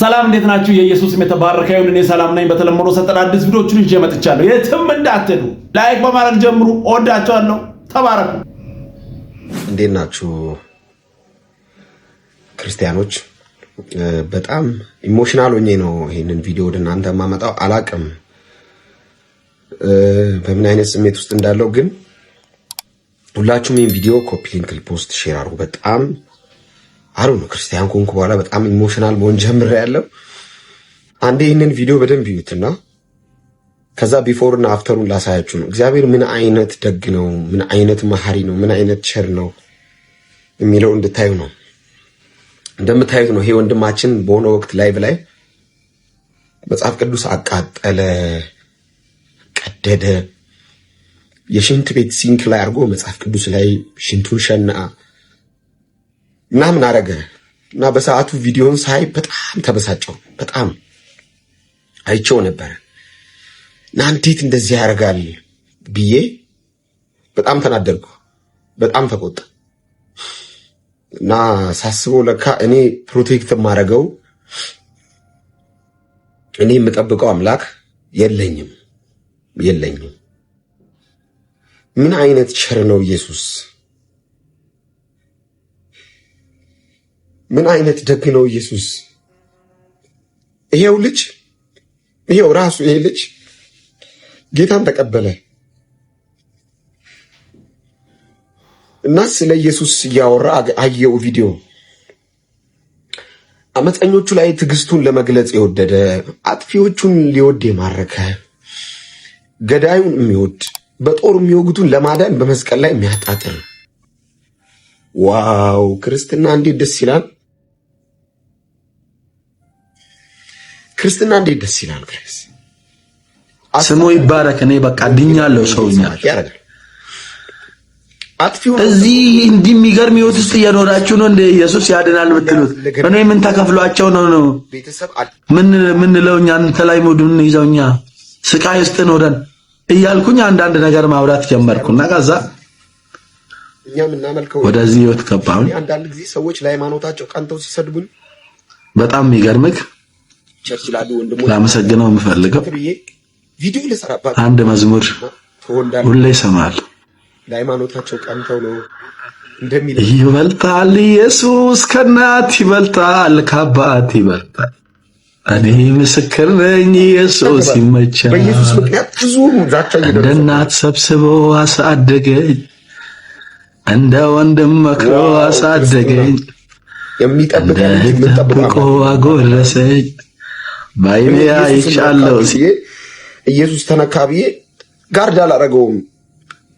ሰላም እንዴት ናችሁ? የኢየሱስ ስም የተባረከ ይሁን። እኔ ሰላም ነኝ። በተለመደው ሰጠን አዲስ ቪዲዮችን ይዤ መጥቻለሁ። የትም እንዳትሄዱ፣ ላይክ በማድረግ ጀምሩ። እወዳቸዋለሁ። ተባረኩ። እንዴት ናችሁ ክርስቲያኖች? በጣም ኢሞሽናል ሆኜ ነው ይህንን ቪዲዮ ወደ እናንተ የማመጣው። አላቅም በምን አይነት ስሜት ውስጥ እንዳለው ግን ሁላችሁም ይህን ቪዲዮ ኮፒ ሊንክ፣ ሪፖስት፣ ሼር አድርጉ በጣም አሩ ነው ክርስቲያን ኮንኩ በኋላ በጣም ኢሞሽናል መሆን ጀምር ያለው። አንዴ ይህንን ቪዲዮ በደንብ ይዩትና ከዛ ቢፎር እና አፍተሩን ላሳያችሁ ነው። እግዚአብሔር ምን አይነት ደግ ነው፣ ምን አይነት መሐሪ ነው፣ ምን አይነት ቸር ነው የሚለው እንድታዩ ነው። እንደምታዩት ነው ይሄ ወንድማችን በሆነ ወቅት ላይቭ ላይ መጽሐፍ ቅዱስ አቃጠለ፣ ቀደደ፣ የሽንት ቤት ሲንክ ላይ አድርጎ መጽሐፍ ቅዱስ ላይ ሽንቱን ሸና ምናምን አረገ እና በሰዓቱ ቪዲዮን ሳይ በጣም ተበሳጨው። በጣም አይቼው ነበረ እና እንዴት እንደዚህ ያደርጋል ብዬ በጣም ተናደርኩ። በጣም ተቆጣ እና ሳስበው ለካ እኔ ፕሮቴክት የማደርገው እኔ የምጠብቀው አምላክ የለኝም የለኝም። ምን አይነት ቸር ነው ኢየሱስ። ምን አይነት ደግ ነው ኢየሱስ! ይሄው ልጅ ይሄው ራሱ ይሄ ልጅ ጌታን ተቀበለ እና ስለ ኢየሱስ እያወራ አየው ቪዲዮ። አመፀኞቹ ላይ ትዕግስቱን ለመግለጽ የወደደ አጥፊዎቹን ሊወድ የማረከ ገዳዩን የሚወድ በጦር የሚወጉቱን ለማዳን በመስቀል ላይ የሚያጣጥር ዋው! ክርስትና እንዴት ደስ ይላል! ክርስትና እንዴት ደስ ይላል። ጋይስ ስሙ ይባረክ። እኔ በቃ ድኛለሁ። ሰውኛ እዚህ እንዲህ የሚገርም ህይወት ውስጥ እየኖራችሁ ነው እንደ ኢየሱስ ያድናል ብትሉት እኔ ምን ተከፍሏቸው ነው ነው ምን ምን ለውኛ አንተ ላይ ሙዱን ይዘውኛ ስቃይ ውስጥ ኖረን እያልኩኝ አንዳንድ ነገር ማውራት ጀመርኩና ከዛ እኛም እናመልከው ወደዚህ ህይወት ገባሁኝ። አንዳንድ ጊዜ ሰዎች ለሃይማኖታቸው ቀንተው ሲሰድቡኝ በጣም የሚገርምህ ቸርች ላሉ ወንድሞች ላመሰግነው የምፈልገው ቪዲዮ ልሰራባቸው አንድ መዝሙር ሁሌ ይሰማል። ለሃይማኖታቸው ቀንተው ነው እንደሚለው ይበልጣል ኢየሱስ ከእናት ይበልጣል ከአባት ይበልጣል። እኔ ምስክር ነኝ። ኢየሱስ ይመቻል። በኢየሱስ ምክንያት ብዙ ዛቻ እንደ እናት ሰብስቦ አሳደገኝ፣ እንደ ወንድም መክሮ አሳደገኝ፣ እንደ ልጅ ጠብቆ አጎረሰኝ። ባይሜያ ይቻለው ሲዬ ኢየሱስ ተነካ ብዬ ጋርድ አላረገውም።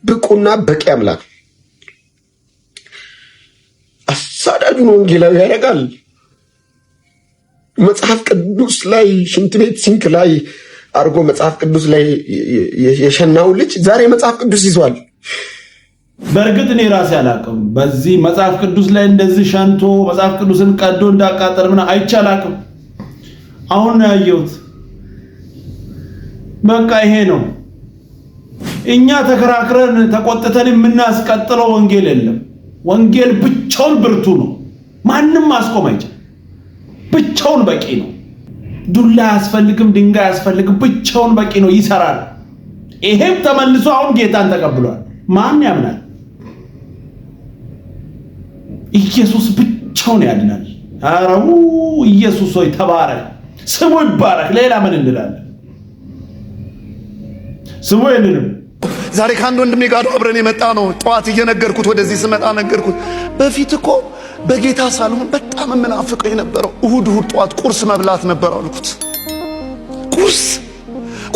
ብቁና በቂ አምላክ አሳዳጁን ወንጌላዊ ያደርጋል። መጽሐፍ ቅዱስ ላይ ሽንት ቤት ሲንክ ላይ አድርጎ መጽሐፍ ቅዱስ ላይ የሸናው ልጅ ዛሬ መጽሐፍ ቅዱስ ይዟል። በእርግጥ እኔ ራሴ አላቅም። በዚህ መጽሐፍ ቅዱስ ላይ እንደዚህ ሸንቶ መጽሐፍ ቅዱስን ቀዶ እንዳቃጠል ምናምን አሁን ነው ያየሁት። በቃ ይሄ ነው። እኛ ተከራክረን ተቆጥተን የምናስቀጥለው ወንጌል የለም። ወንጌል ብቻውን ብርቱ ነው። ማንም ማስቆም አይችል። ብቻውን በቂ ነው። ዱላ አያስፈልግም፣ ድንጋይ አያስፈልግም። ብቻውን በቂ ነው። ይሰራል። ይሄም ተመልሶ አሁን ጌታን ተቀብሏል። ማን ያምናል? ኢየሱስ ብቻውን ያድናል። አረው ኢየሱስ ሆይ ተባረክ። ስሙ ይባረክ። ሌላ ምን እንላለን? ስሙ የለንም። ዛሬ ከአንድ ወንድሜ ጋር አብረን የመጣ ነው። ጠዋት እየነገርኩት ወደዚህ ስመጣ ነገርኩት። በፊት እኮ በጌታ ሳልሆን በጣም የምናፍቀው የነበረው እሁድ እሁድ ጠዋት ቁርስ መብላት ነበር አልኩት። ቁርስ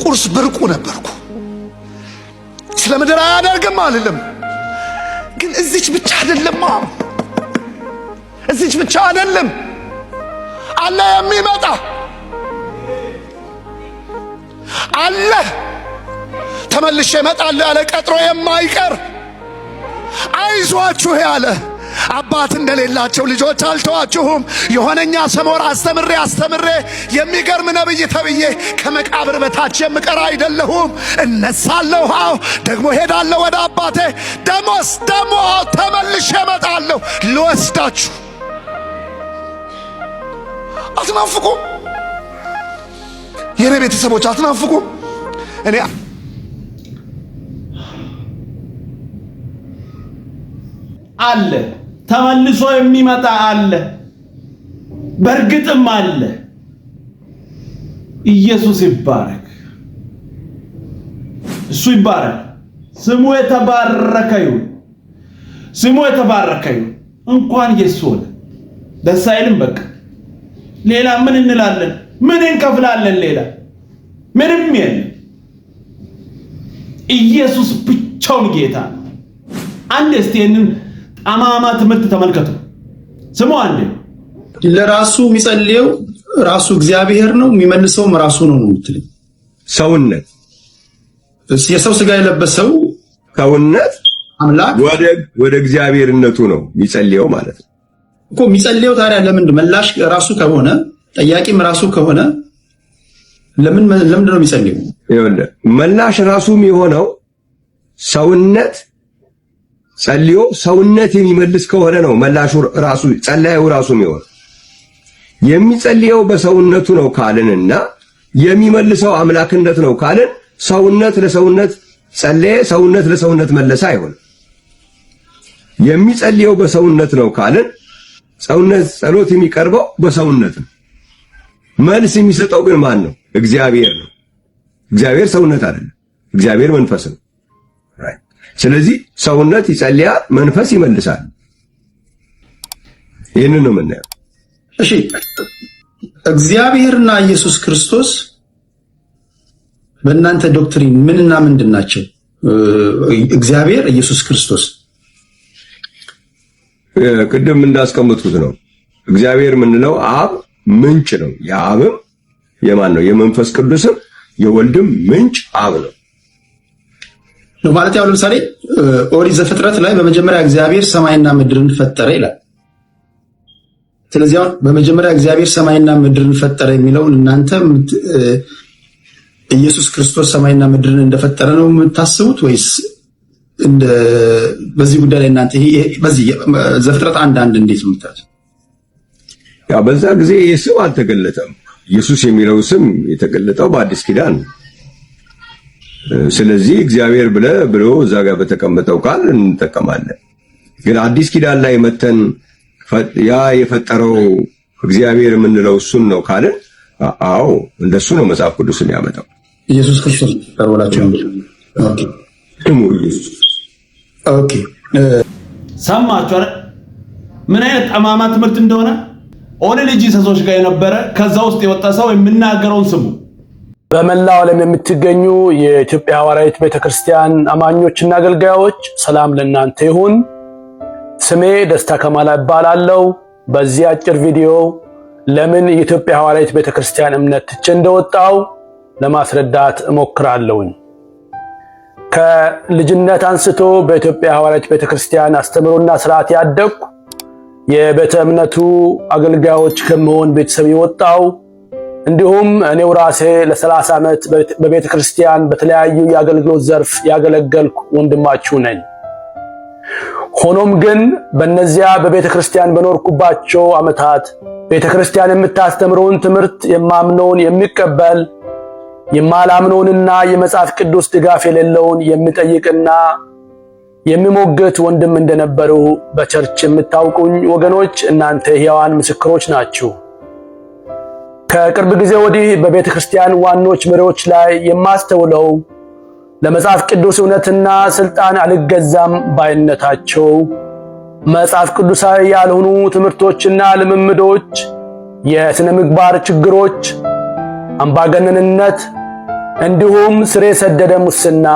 ቁርስ ብርቁ ነበርኩ። ስለ ምድር አያደርግም አልልም፣ ግን እዚች ብቻ አይደለም፣ እዚች ብቻ አይደለም አለ የሚመጣ አለ። ተመልሼ እመጣለሁ ያለ ቀጥሮ የማይቀር አይዟችሁ ያለ አባት እንደሌላቸው ልጆች አልተዋችሁም። የሆነኛ ሰሞር አስተምሬ አስተምሬ የሚገርም ነብይ ተብዬ ከመቃብር በታች የምቀር አይደለሁም። እነሳለሁ፣ አዎ ደግሞ ሄዳለሁ ወደ አባቴ። ደሞስ ደሞ ተመልሼ እመጣለሁ ልወስዳችሁ። አትናፍቁም? የኔ ቤተሰቦች አትናፍቁም? እኔ አለ ተመልሶ የሚመጣ አለ፣ በእርግጥም አለ። ኢየሱስ ይባረክ፣ እሱ ይባረክ፣ ስሙ የተባረከ ይሁን፣ ስሙ የተባረከ ይሁን። እንኳን ኢየሱስ ሆነ ደስ አይልም? በቃ ሌላ ምን እንላለን? ምን እንከፍላለን? ሌላ ምንም የለ። ኢየሱስ ብቻውን ጌታ። አንድ እስቲ ይህንን ጠማማ ትምህርት ተመልከቱ። ስሙ አንድ ለራሱ የሚጸልየው ራሱ እግዚአብሔር ነው፣ የሚመልሰውም ራሱ ነው ነው የምትለኝ ሰውነት የሰው ስጋ የለበሰው ሰውነት አምላክ ወደ እግዚአብሔርነቱ ነው የሚጸልየው ማለት ነው እኮ። የሚጸልየው ታዲያ ለምንድን መላሽ ራሱ ከሆነ ጠያቂም ራሱ ከሆነ ለምን ለምንድን ነው የሚጸልዩ? መላሽ ራሱም የሆነው ሰውነት ጸልዮ ሰውነት የሚመልስ ከሆነ ነው። መላሹ ራሱ ጸላዩ ራሱም የሆነው የሚጸልየው በሰውነቱ ነው ካልንና የሚመልሰው አምላክነት ነው ካልን ሰውነት ለሰውነት ጸለየ፣ ሰውነት ለሰውነት መለሰ አይሆንም። የሚጸልየው በሰውነት ነው ካልን ሰውነት ጸሎት የሚቀርበው በሰውነት ነው። መልስ የሚሰጠው ግን ማን ነው? እግዚአብሔር ነው። እግዚአብሔር ሰውነት አይደለም። እግዚአብሔር መንፈስ ነው። ስለዚህ ሰውነት ይጸልያ፣ መንፈስ ይመልሳል። ይህንን ነው የምናየው። እሺ እግዚአብሔርና ኢየሱስ ክርስቶስ በእናንተ ዶክትሪን ምንና ምንድን ናቸው? እግዚአብሔር ኢየሱስ ክርስቶስ ቅድም እንዳስቀመጥኩት ነው። እግዚአብሔር ምንድነው? አብ ምንጭ ነው። የአብም የማን ነው? የመንፈስ ቅዱስም የወልድም ምንጭ አብ ነው ነው ማለት ያው ለምሳሌ ኦሪት ዘፍጥረት ላይ በመጀመሪያ እግዚአብሔር ሰማይና ምድርን ፈጠረ ይላል። ስለዚህ አሁን በመጀመሪያ እግዚአብሔር ሰማይና ምድርን ፈጠረ የሚለውን እናንተ ኢየሱስ ክርስቶስ ሰማይና ምድርን እንደፈጠረ ነው የምታስቡት ወይስ በዚህ ጉዳይ ላይ እናንተ በዚህ ዘፍጥረት አንድ አንድ እንዴት ነው የምታዩት? ያ በዛ ጊዜ ይህ ስም አልተገለጠም። ኢየሱስ የሚለው ስም የተገለጠው በአዲስ ኪዳን። ስለዚህ እግዚአብሔር ብለ ብሎ እዛ ጋር በተቀመጠው ቃል እንጠቀማለን። ግን አዲስ ኪዳን ላይ መተን ያ የፈጠረው እግዚአብሔር የምንለው እሱን ነው ካልን፣ አዎ እንደሱ ነው መጽሐፍ ቅዱስ የሚያመጣው። ኢየሱስ ክርስቶስ ቀርቦላቸው ደሙ ኢየሱስ ሰማችሁ። ምን አይነት ጠማማ ትምህርት እንደሆነ ኦንሊ ጂሰሶች ጋር የነበረ ከዛ ውስጥ የወጣ ሰው የምናገረውን ስሙ። በመላው ዓለም የምትገኙ የኢትዮጵያ ሀዋራዊት ቤተክርስቲያን አማኞችና አገልጋዮች ሰላም ለእናንተ ይሁን። ስሜ ደስታ ከማላ እባላለሁ። በዚህ አጭር ቪዲዮ ለምን የኢትዮጵያ ሀዋራዊት ቤተክርስቲያን እምነት ትቼ እንደወጣው ለማስረዳት እሞክራለሁኝ። ከልጅነት አንስቶ በኢትዮጵያ ሐዋርያት ቤተክርስቲያን አስተምሮና ስርዓት ያደግኩ የቤተ እምነቱ አገልጋዮች ከመሆን ቤተሰብ የወጣው እንዲሁም እኔው ራሴ ለ30 ዓመት በቤተ ክርስቲያን በተለያዩ የአገልግሎት ዘርፍ ያገለገልኩ ወንድማችሁ ነኝ። ሆኖም ግን በእነዚያ በቤተ ክርስቲያን በኖርኩባቸው ዓመታት ቤተ ክርስቲያን የምታስተምረውን ትምህርት የማምነውን የሚቀበል የማላምነውንና የመጽሐፍ ቅዱስ ድጋፍ የሌለውን የሚጠይቅና የሚሞገት ወንድም እንደነበሩ በቸርች የምታውቁኝ ወገኖች እናንተ ሕያዋን ምስክሮች ናችሁ። ከቅርብ ጊዜ ወዲህ በቤተ ክርስቲያን ዋኖች መሪዎች ላይ የማስተውለው ለመጽሐፍ ቅዱስ እውነትና ሥልጣን አልገዛም ባይነታቸው፣ መጽሐፍ ቅዱሳዊ ያልሆኑ ትምህርቶችና ልምምዶች፣ የሥነ ምግባር ችግሮች፣ አምባገነንነት እንዲሁም ስር የሰደደ ሙስና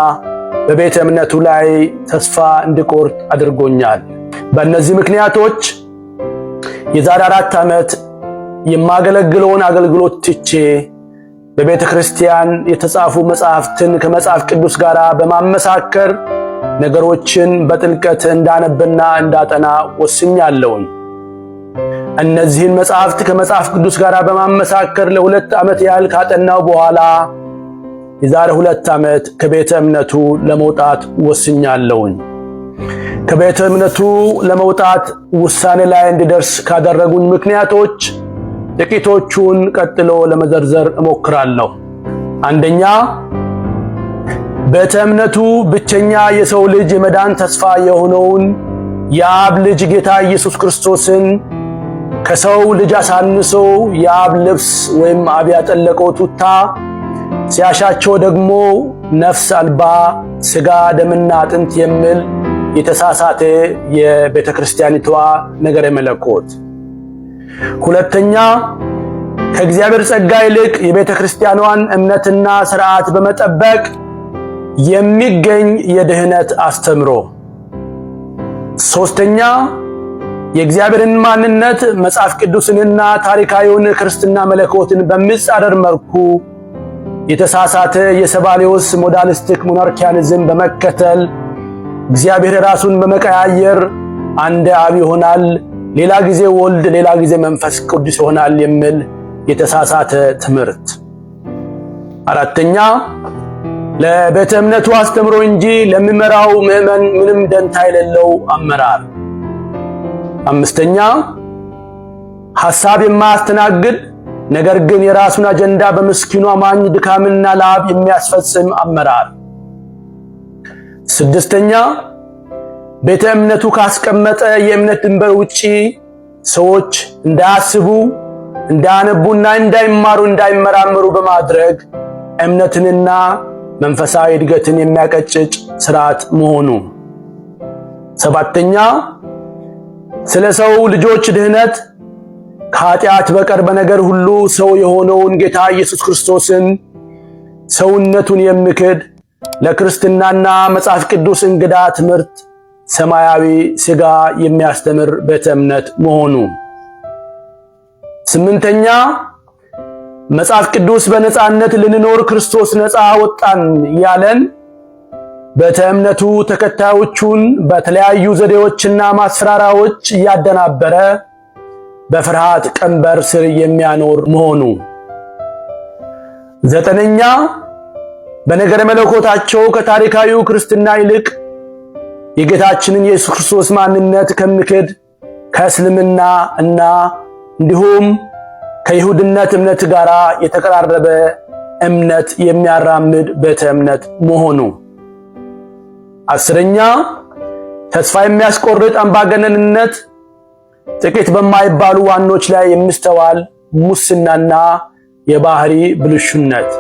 በቤተ እምነቱ ላይ ተስፋ እንድቆርጥ አድርጎኛል። በእነዚህ ምክንያቶች የዛሬ አራት ዓመት የማገለግለውን አገልግሎት ትቼ በቤተ ክርስቲያን የተጻፉ መጽሐፍትን ከመጽሐፍ ቅዱስ ጋር በማመሳከር ነገሮችን በጥልቀት እንዳነብና እንዳጠና ወስኛለሁኝ። እነዚህን መጽሐፍት ከመጽሐፍ ቅዱስ ጋር በማመሳከር ለሁለት ዓመት ያህል ካጠናው በኋላ የዛሬ ሁለት ዓመት ከቤተ እምነቱ ለመውጣት ወስኛለሁኝ። ከቤተ እምነቱ ለመውጣት ውሳኔ ላይ እንድደርስ ካደረጉኝ ምክንያቶች ጥቂቶቹን ቀጥሎ ለመዘርዘር እሞክራለሁ። አንደኛ፣ ቤተ እምነቱ ብቸኛ የሰው ልጅ የመዳን ተስፋ የሆነውን የአብ ልጅ ጌታ ኢየሱስ ክርስቶስን ከሰው ልጅ አሳንሶ የአብ ልብስ ወይም አብ ያጠለቀው ቱታ ሲያሻቸው ደግሞ ነፍስ አልባ ስጋ ደምና አጥንት የሚል የተሳሳተ የቤተ ክርስቲያኒቷ ነገረ መለኮት። ሁለተኛ ከእግዚአብሔር ጸጋ ይልቅ የቤተ ክርስቲያኗን እምነትና ስርዓት በመጠበቅ የሚገኝ የድህነት አስተምሮ። ሶስተኛ የእግዚአብሔርን ማንነት መጽሐፍ ቅዱስንና ታሪካዊውን ክርስትና መለኮትን በሚጻረር መልኩ የተሳሳተ የሰባሌዎስ ሞዳሊስቲክ ሞናርኪያኒዝም በመከተል እግዚአብሔር ራሱን በመቀያየር አንድ አብ ይሆናል፣ ሌላ ጊዜ ወልድ፣ ሌላ ጊዜ መንፈስ ቅዱስ ይሆናል የሚል የተሳሳተ ትምህርት። አራተኛ ለቤተ እምነቱ አስተምሮ እንጂ ለሚመራው ምዕመን ምንም ደንታ የሌለው አመራር። አምስተኛ ሐሳብ የማያስተናግድ ነገር ግን የራሱን አጀንዳ በምስኪኑ አማኝ ድካምና ላብ የሚያስፈጽም አመራር። ስድስተኛ ቤተ እምነቱ ካስቀመጠ የእምነት ድንበር ውጪ ሰዎች እንዳያስቡ፣ እንዳያነቡና እንዳይማሩ፣ እንዳይመራመሩ በማድረግ እምነትንና መንፈሳዊ እድገትን የሚያቀጭጭ ስርዓት መሆኑ። ሰባተኛ ስለ ሰው ልጆች ድህነት ከኃጢአት በቀር በነገር ሁሉ ሰው የሆነውን ጌታ ኢየሱስ ክርስቶስን ሰውነቱን የምክድ ለክርስትናና መጽሐፍ ቅዱስ እንግዳ ትምህርት ሰማያዊ ሥጋ የሚያስተምር ቤተ እምነት መሆኑ። ስምንተኛ መጽሐፍ ቅዱስ በነፃነት ልንኖር ክርስቶስ ነፃ ወጣን ያለን ቤተ እምነቱ ተከታዮቹን በተለያዩ ዘዴዎችና ማስፈራሪያዎች እያደናበረ በፍርሃት ቀንበር ስር የሚያኖር መሆኑ። ዘጠነኛ በነገረ መለኮታቸው ከታሪካዊው ክርስትና ይልቅ የጌታችንን የኢየሱስ ክርስቶስ ማንነት ከምክድ ከእስልምና እና እንዲሁም ከይሁድነት እምነት ጋር የተቀራረበ እምነት የሚያራምድ ቤተ እምነት መሆኑ። አስረኛ ተስፋ የሚያስቆርጥ አምባገነንነት ጥቂት በማይባሉ ዋኖች ላይ የሚስተዋል ሙስናና የባህሪ ብልሹነት።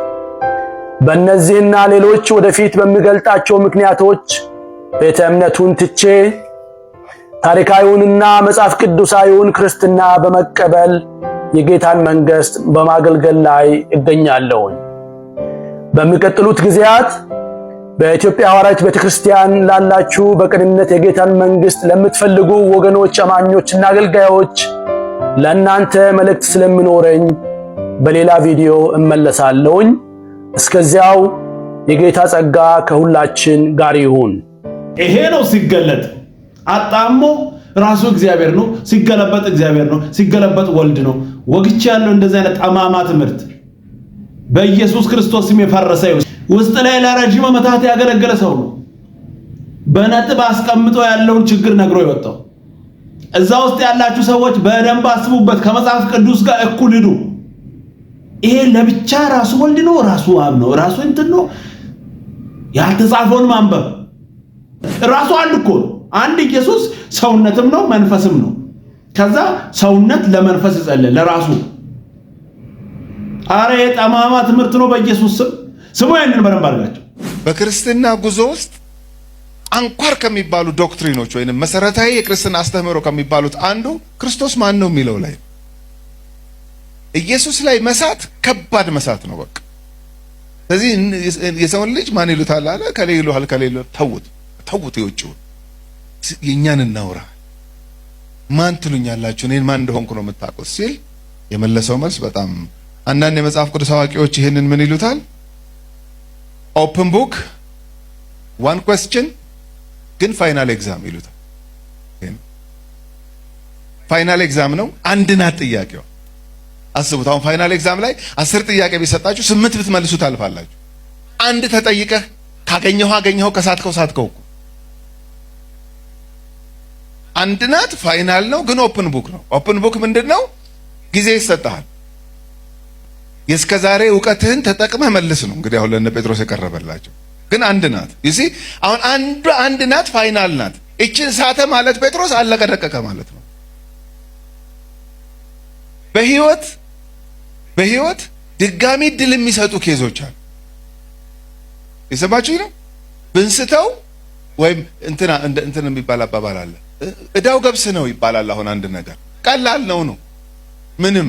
በእነዚህና ሌሎች ወደፊት በሚገልጣቸው ምክንያቶች ቤተ እምነቱን ትቼ ታሪካዊውንና መጽሐፍ ቅዱሳዊውን ክርስትና በመቀበል የጌታን መንግሥት በማገልገል ላይ እገኛለሁኝ። በሚቀጥሉት ጊዜያት በኢትዮጵያ ሐዋርያት ቤተክርስቲያን ላላችሁ በቅንነት የጌታን መንግሥት ለምትፈልጉ ወገኖች አማኞችና አገልጋዮች ለእናንተ መልእክት ስለምኖረኝ በሌላ ቪዲዮ እመለሳለሁኝ። እስከዚያው የጌታ ጸጋ ከሁላችን ጋር ይሁን። ይሄ ነው ሲገለጥ አጣሞ ራሱ እግዚአብሔር ነው፣ ሲገለበጥ እግዚአብሔር ነው፣ ሲገለበጥ ወልድ ነው። ወግቻ ያለው እንደዚህ አይነት ጠማማ ትምህርት በኢየሱስ ክርስቶስ ስም የፈረሰ ውስጥ ላይ ለረጅም ዓመታት ያገለገለ ሰው ነው። በነጥብ አስቀምጦ ያለውን ችግር ነግሮ የወጣው እዛ ውስጥ ያላችሁ ሰዎች በደንብ አስቡበት። ከመጽሐፍ ቅዱስ ጋር እኩል ሂዱ። ይሄ ለብቻ ራሱ ወልድ ነው፣ ራሱ አብ ነው፣ ራሱ እንትን ነው። ያልተጻፈውን ማንበብ ራሱ አንድ እኮ አንድ ኢየሱስ ሰውነትም ነው መንፈስም ነው። ከዛ ሰውነት ለመንፈስ ይጸልል ለራሱ። አረ የጠማማ ትምህርት ነው በኢየሱስ ስም ስሙ ያንን በደንብ አድርጋቸው። በክርስትና ጉዞ ውስጥ አንኳር ከሚባሉ ዶክትሪኖች ወይም መሰረታዊ የክርስትና አስተምህሮ ከሚባሉት አንዱ ክርስቶስ ማን ነው የሚለው ላይ ኢየሱስ ላይ መሳት ከባድ መሳት ነው። በቃ ስለዚህ የሰውን ልጅ ማን ይሉታል አለ ከሌ ይሉሃል ከሌ ይሉ ተውት ተውት፣ የውጭውን የእኛን እናውራ። ማን ትሉኛላችሁ? እኔን ማን እንደሆንኩ ነው የምታውቁት ሲል የመለሰው መልስ በጣም አንዳንድ የመጽሐፍ ቅዱስ አዋቂዎች ይህንን ምን ይሉታል ኦፕን ቡክ ዋን ኮስችን ግን ፋይናል ኤግዛም ይሉታል። ፋይናል ኤግዛም ነው። አንድ ናት ጥያቄው አስቡት። አሁን ፋይናል ኤግዛም ላይ አስር ጥያቄ ቢሰጣችሁ ስምንት ብትመልሱ ታልፋላችሁ። አንድ ተጠይቀህ ካገኘኸው አገኘኸው፣ ከሳትከው ሳትከው። እኮ አንድ ናት፣ ፋይናል ነው፣ ግን ኦፕን ቡክ ነው። ኦፕን ቡክ ምንድን ነው? ጊዜ ይሰጥሃል። የእስከ ዛሬ እውቀትህን ተጠቅመህ መልስ ነው። እንግዲህ አሁን ለነ ጴጥሮስ የቀረበላቸው ግን አንድ ናት። ይሲ አሁን አንዱ አንድ ናት፣ ፋይናል ናት። እችን ሳተ ማለት ጴጥሮስ አለቀ ማለት ነው። በህይወት በህይወት ድጋሚ ድል የሚሰጡ ኬዞች አሉ። የሰማችሁ ነው። ብንስተው ወይም እንትና እንትን የሚባል አባባል አለ። እዳው ገብስ ነው ይባላል። አሁን አንድ ነገር ቀላል ነው ነው ምንም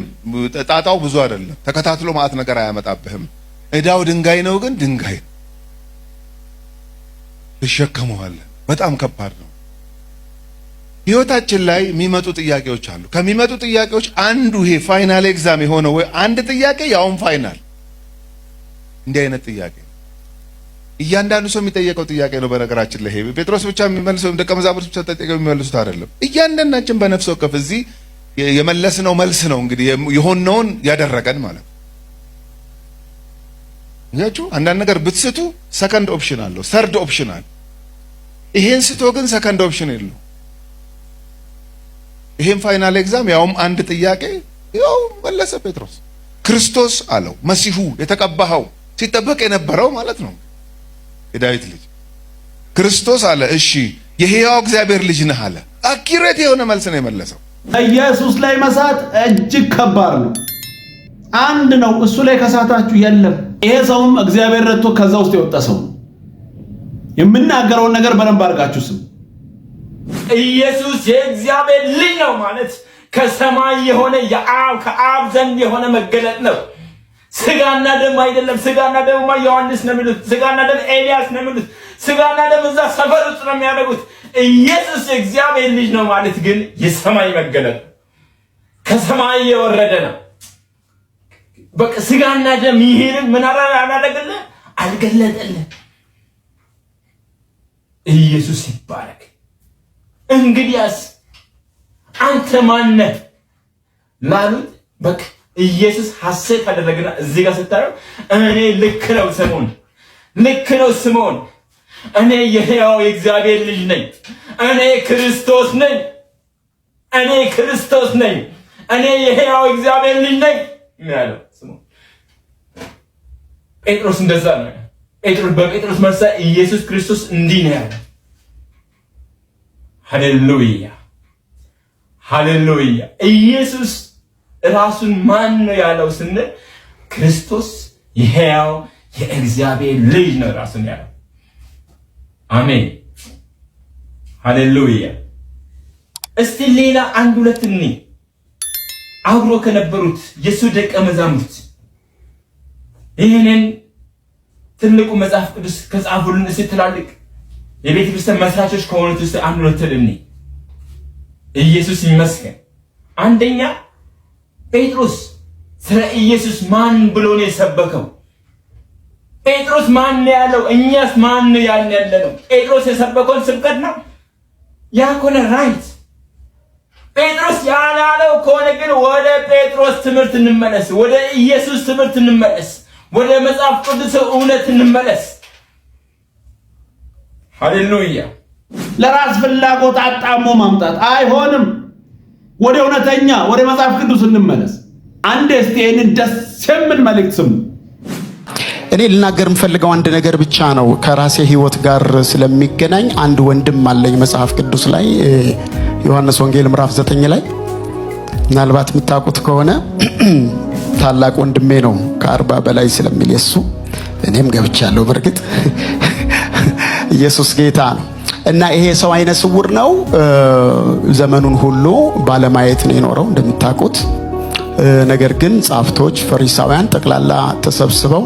ጣጣው ብዙ አይደለም። ተከታትሎ ማአት ነገር አያመጣብህም። እዳው ድንጋይ ነው፣ ግን ድንጋይ ትሸከመዋለህ። በጣም ከባድ ነው። ህይወታችን ላይ የሚመጡ ጥያቄዎች አሉ። ከሚመጡ ጥያቄዎች አንዱ ይሄ ፋይናል ኤግዛም የሆነው ወይ አንድ ጥያቄ ያውም ፋይናል እንዲህ አይነት ጥያቄ እያንዳንዱ ሰው የሚጠየቀው ጥያቄ ነው። በነገራችን ላይ ጴጥሮስ ብቻ የሚመልሰው ደቀ መዛሙርት ብቻ ጠየቀው የሚመልሱት አይደለም። እያንዳንዳችን በነፍስ ወከፍ እዚህ የመለስነው መልስ ነው እንግዲህ የሆነውን ያደረገን ማለት ነው። እያችሁ አንዳንድ ነገር ብትስቱ ሰከንድ ኦፕሽን አለው፣ ሰርድ ኦፕሽን አለ። ይሄን ስቶ ግን ሰከንድ ኦፕሽን የለው። ይሄን ፋይናል ኤግዛም ያውም አንድ ጥያቄ ያው መለሰ ጴጥሮስ። ክርስቶስ አለው መሲሁ የተቀባኸው ሲጠበቅ የነበረው ማለት ነው የዳዊት ልጅ ክርስቶስ አለ። እሺ የሕያው እግዚአብሔር ልጅ ነህ አለ። አኪሬት የሆነ መልስ ነው የመለሰው። ኢየሱስ ላይ መሳት እጅግ ከባድ ነው። አንድ ነው። እሱ ላይ ከሳታችሁ የለም። ይሄ ሰውም እግዚአብሔር ረድቶ ከዛ ውስጥ የወጣ ሰው የምናገረውን ነገር በደንብ አድርጋችሁ ስም ኢየሱስ የእግዚአብሔር ልጅ ነው ማለት ከሰማይ የሆነ የአብ ከአብ ዘንድ የሆነ መገለጥ ነው። ስጋና ደም አይደለም። ስጋና ደምማ ዮሐንስ ነው የሚሉት። ስጋና ደም ኤልያስ ነው የሚሉት። ስጋና ደም እዛ ሰፈር ውስጥ ነው የሚያደርጉት። ኢየሱስ የእግዚአብሔር ልጅ ነው ማለት ግን የሰማይ መገለጥ ከሰማይ የወረደ ነው። በቃ ስጋና ደም ይሄንን ምን አላደረገለ አልገለጠለ። ኢየሱስ ይባረክ። እንግዲያስ አንተ ማነህ ላሉት በቃ ኢየሱስ ሐሴት አደረገና እዚህ ጋር ስታየው እኔ ልክ ነው ስምዖን፣ ልክ ነው ስምዖን እኔ የሕያው የእግዚአብሔር ልጅ ነኝ። እኔ ክርስቶስ ነኝ። እኔ ክርስቶስ ነኝ። እኔ የሕያው እግዚአብሔር ልጅ ነኝ ያለው ጴጥሮስ እንደዛ ነው። ጴጥሮስ በጴጥሮስ መርሳ ኢየሱስ ክርስቶስ እንዲህ ነው ያለው። ሃሌሉያ ሃሌሉያ። ኢየሱስ ራሱን ማን ነው ያለው ስንል ክርስቶስ የሕያው የእግዚአብሔር ልጅ ነው ራሱን ያለው። አሜን ሃሌሉያ። እስቲ ሌላ አንድ ሁለት እኔ አብሮ ከነበሩት የእሱ ደቀ መዛሙርት ይህንን ትልቁ መጽሐፍ ቅዱስ ከጻፉልን እስቲ ትላልቅ የቤተ ክርስቲያን መስራቾች ከሆኑት ውስጥ አንድ ሁለት እኔ ኢየሱስ ይመስገን። አንደኛ ጴጥሮስ ስለ ኢየሱስ ማን ብሎ ነው የሰበከው? ጴጥሮስ ማን ያለው? እኛስ ማን ያን ያለ ነው? ጴጥሮስ የሰበከውን ስብከት ነው ያ ከሆነ ራይት። ጴጥሮስ ያላለው ከሆነ ግን ወደ ጴጥሮስ ትምህርት እንመለስ፣ ወደ ኢየሱስ ትምህርት እንመለስ፣ ወደ መጽሐፍ ቅዱስ እውነት እንመለስ። ሃሌሉያ። ለራስ ፍላጎት አጣሞ ማምጣት አይሆንም። ወደ እውነተኛ ወደ መጽሐፍ ቅዱስ እንመለስ። አንድ እስቲ ይህንን ደስ የሚል መልእክት ስሙ። እኔ ልናገር የምፈልገው አንድ ነገር ብቻ ነው፣ ከራሴ ህይወት ጋር ስለሚገናኝ። አንድ ወንድም አለኝ መጽሐፍ ቅዱስ ላይ ዮሐንስ ወንጌል ምዕራፍ ዘጠኝ ላይ ምናልባት የምታውቁት ከሆነ ታላቅ ወንድሜ ነው ከአርባ በላይ ስለሚል የሱ እኔም ገብቻለሁ። በእርግጥ ኢየሱስ ጌታ ነው። እና ይሄ ሰው አይነ ስውር ነው። ዘመኑን ሁሉ ባለማየት ነው የኖረው እንደምታውቁት። ነገር ግን ጻፍቶች፣ ፈሪሳውያን ጠቅላላ ተሰብስበው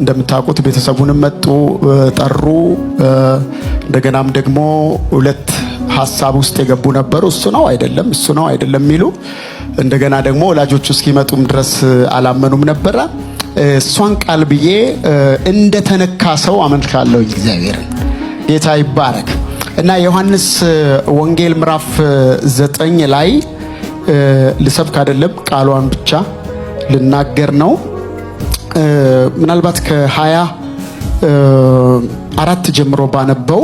እንደምታውቁት ቤተሰቡንም መጡ ጠሩ። እንደገናም ደግሞ ሁለት ሀሳብ ውስጥ የገቡ ነበሩ። እሱ ነው አይደለም፣ እሱ ነው አይደለም የሚሉ እንደገና ደግሞ ወላጆቹ እስኪመጡም ድረስ አላመኑም ነበረ። እሷን ቃል ብዬ እንደተነካ ሰው አመልካለሁ እግዚአብሔርን። ጌታ ይባረክ እና ዮሐንስ ወንጌል ምዕራፍ ዘጠኝ ላይ ልሰብክ አይደለም ቃሏን ብቻ ልናገር ነው። ምናልባት ከሀያ አራት ጀምሮ ባነበው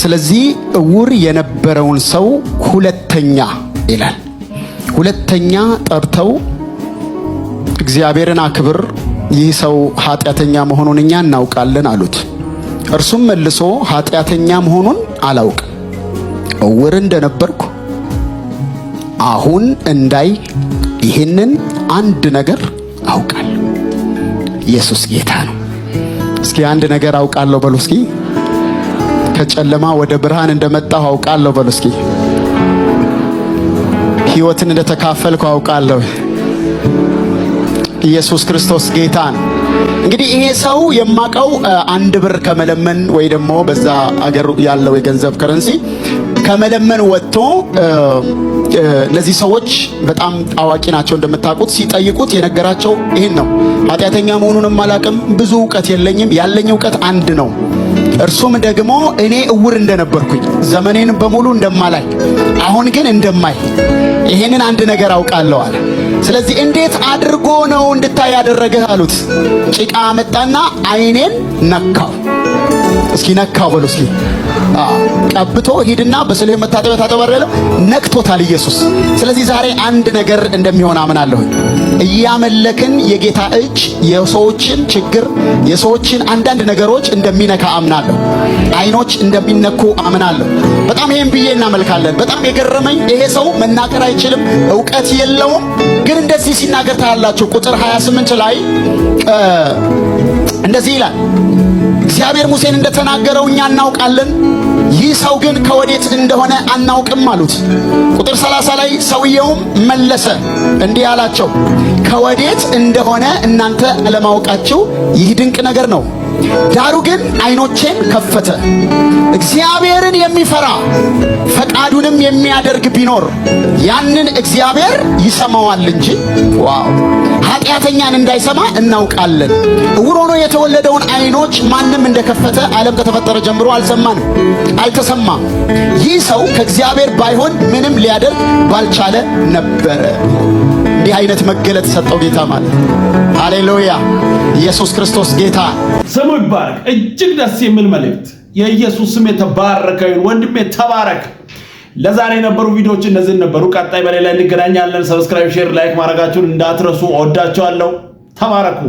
ስለዚህ እውር የነበረውን ሰው ሁለተኛ ይላል። ሁለተኛ ጠርተው እግዚአብሔርን አክብር፣ ይህ ሰው ኃጢአተኛ መሆኑን እኛ እናውቃለን አሉት። እርሱም መልሶ ኃጢአተኛ መሆኑን አላውቅም፣ እውር እንደነበርኩ አሁን እንዳይ ይህንን አንድ ነገር ኢየሱስ ጌታ ነው። እስኪ አንድ ነገር አውቃለሁ በሉ እስኪ። ከጨለማ ወደ ብርሃን እንደመጣሁ አውቃለሁ በሉ እስኪ። ሕይወትን እንደተካፈልኩ አውቃለሁ። ኢየሱስ ክርስቶስ ጌታ ነው። እንግዲህ ይሄ ሰው የማቀው አንድ ብር ከመለመን ወይ ደግሞ በዛ አገር ያለው የገንዘብ ከረንሲ ከመለመን ወጥቶ እነዚህ ሰዎች በጣም አዋቂ ናቸው። እንደምታውቁት ሲጠይቁት የነገራቸው ይህን ነው። ኃጢአተኛ መሆኑንም አላቅም፣ ብዙ እውቀት የለኝም። ያለኝ እውቀት አንድ ነው። እርሱም ደግሞ እኔ እውር እንደነበርኩኝ ዘመኔን በሙሉ እንደማላይ አሁን ግን እንደማይ ይህንን አንድ ነገር አውቃለሁ አለ። ስለዚህ እንዴት አድርጎ ነው እንድታይ ያደረገህ አሉት። ጭቃ መጣና አይኔን ነካው። እስኪ ነካው በሉ እስኪ ቀብቶ ሂድና በስልህ መታጠቢያ ታጠበረለ ነክቶታል ኢየሱስ። ስለዚህ ዛሬ አንድ ነገር እንደሚሆን አምናለሁ። እያመለክን የጌታ እጅ የሰዎችን ችግር የሰዎችን አንዳንድ ነገሮች እንደሚነካ አምናለሁ። አይኖች እንደሚነኩ አምናለሁ። በጣም ይሄን ብዬ እናመልካለን። በጣም የገረመኝ ይሄ ሰው መናገር አይችልም፣ እውቀት የለውም፣ ግን እንደዚህ ሲናገር ታያላችሁ። ቁጥር 28 ላይ እንደዚህ ይላል እግዚአብሔር ሙሴን እንደተናገረው እኛ እናውቃለን፣ ይህ ሰው ግን ከወዴት እንደሆነ አናውቅም አሉት። ቁጥር 30 ላይ ሰውየውም መለሰ እንዲህ አላቸው፣ ከወዴት እንደሆነ እናንተ አለማወቃችሁ ይህ ድንቅ ነገር ነው። ዳሩ ግን አይኖቼን ከፈተ። እግዚአብሔርን የሚፈራ ፈቃዱንም የሚያደርግ ቢኖር ያንን እግዚአብሔር ይሰማዋል እንጂ ዋው ኃጢአተኛን እንዳይሰማ እናውቃለን። እውር ሆኖ የተወለደውን አይኖች ማንም እንደከፈተ ዓለም ከተፈጠረ ጀምሮ አልሰማንም፣ አልተሰማም። ይህ ሰው ከእግዚአብሔር ባይሆን ምንም ሊያደርግ ባልቻለ ነበረ። እንዲህ አይነት መገለጥ ሰጠው ጌታ ማለት ሃሌሉያ። ኢየሱስ ክርስቶስ ጌታ ስሙ ይባረክ። እጅግ ደስ የሚል መልእክት። የኢየሱስ ስም የተባረከ ይሁን። ወንድሜ ተባረክ። ለዛሬ የነበሩ ቪዲዮዎች እነዚህን ነበሩ። ቀጣይ በሌላ እንገናኛለን። ሰብስክራይብ፣ ሼር፣ ላይክ ማድረጋችሁን እንዳትረሱ። እወዳቸዋለሁ። ተባረኩ።